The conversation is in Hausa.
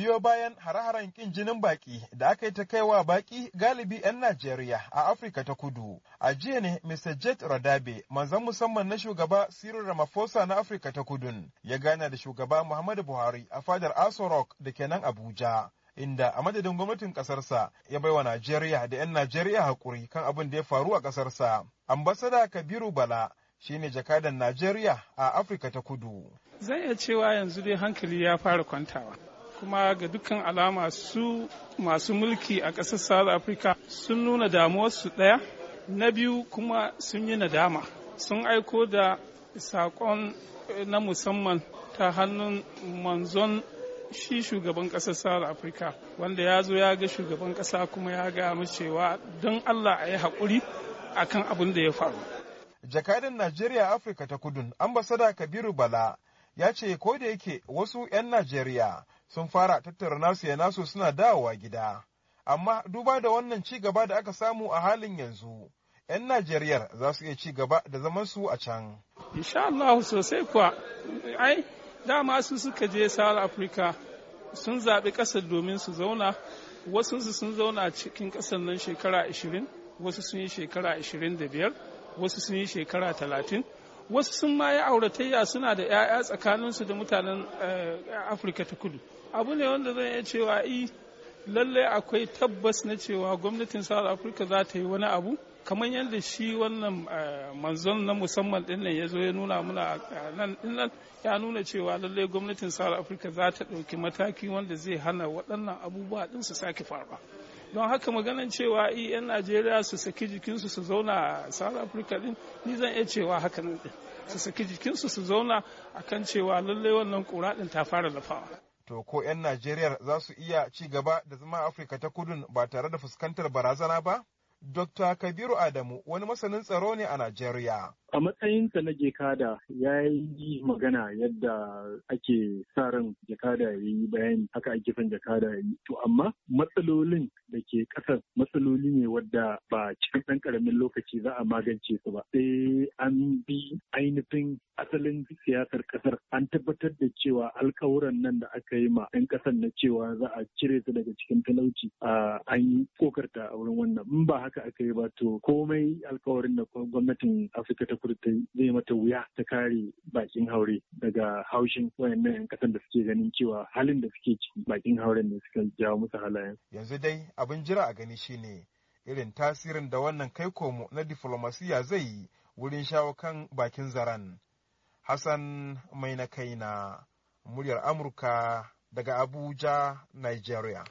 biyo bayan hare-haren kin jinin baki da aka yi ta kaiwa baƙi galibi 'yan Najeriya a Afirka ta kudu. A jiya ne Mr. Jet Radabe, manzan musamman na shugaba Cyril Ramaphosa na Afirka ta kudun, ya gana da shugaba Muhammadu Buhari a fadar Aso Rock da ke nan Abuja. Inda a madadin gwamnatin ƙasarsa ya bai wa Najeriya da 'yan Najeriya haƙuri kan abin da ya faru a ƙasarsa. Ambasada Kabiru Bala shi ne jakadan Najeriya a Afirka ta kudu. Zan iya cewa yanzu dai hankali ya fara kwantawa. kuma ga dukkan alama su masu mulki a ƙasar south africa sun nuna damuwarsu ɗaya na biyu kuma sun yi nadama sun aiko da saƙon eh, na musamman ta hannun manzon shi shugaban ƙasar south africa wanda ya zo ya ga shugaban ƙasa kuma ya ga cewa don allah a yi haƙuri kan abin da ya faru jakadan najeriya afirka ta kudun ambasada kabiru bala ya ce ko da yake wasu 'yan najeriya sun fara tattara nasu ya nasu suna dawowa gida. Amma duba da wannan ci gaba da aka samu a halin yanzu, 'yan Najeriyar za su iya ci gaba da zaman su a can. Insha Allah sosai kuwa, ai, dama su suka je South afirka sun zaɓi ƙasar domin su zauna, wasu sun zauna cikin ƙasar nan shekara 20, wasu sun yi shekara 25, wasu sun yi shekara 30. wasu sun ma yi auratayya suna da 'ya'ya tsakaninsu da mutanen eh, afirka ta kudu abu ne wanda zan iya cewa i lallai akwai tabbas na cewa gwamnatin south africa za ta yi wani abu kamar yadda shi wannan eh, manzon na musamman din nan ya zo ya nuna muna nan nan ya nuna cewa lallai gwamnatin south africa za ta ɗauki mataki wanda zai hana waɗannan abubuwa ɗin su sake faruwa don haka maganan cewa i 'yan najeriya su saki jikinsu su zauna a south africa din ni zan iya cewa haka nan din su saki jikinsu su zauna akan cewa lallai wannan kura ɗin ta fara lafawa to ko 'yan Najeriya za su iya ci gaba da zama Afirka ta kudun ba tare da fuskantar barazana ba? Dr. Kabiru Adamu wani masanin tsaro ne a Najeriya. A matsayinsa na jekada ya yi magana yadda ake sa ran jekada ya yi bayani haka ake son jekada ya yi. To amma matsalolin da ke ƙasar matsaloli ne wadda ɗan ƙaramin lokaci za a magance su ba sai an bi ainihin asalin siyasar ƙasar an tabbatar da cewa alkawuran nan da aka yi ma 'yan ƙasar na cewa za a cire su daga cikin talauci a an yi kokarta a wurin wannan in ba haka aka yi ba to komai alkawarin da gwamnatin afirka ta kudu ta zai mata wuya ta kare bakin haure daga haushin wayannan 'yan ƙasar da suke ganin cewa halin da suke ciki bakin hauren ne suka jawo musu halayen yanzu dai abin jira a gani shine irin tasirin da wannan kai komo na diflomasiya zai yi wurin shawo kan bakin zaren. Hassan mai kaina, muryar Amurka daga Abuja, Nigeria.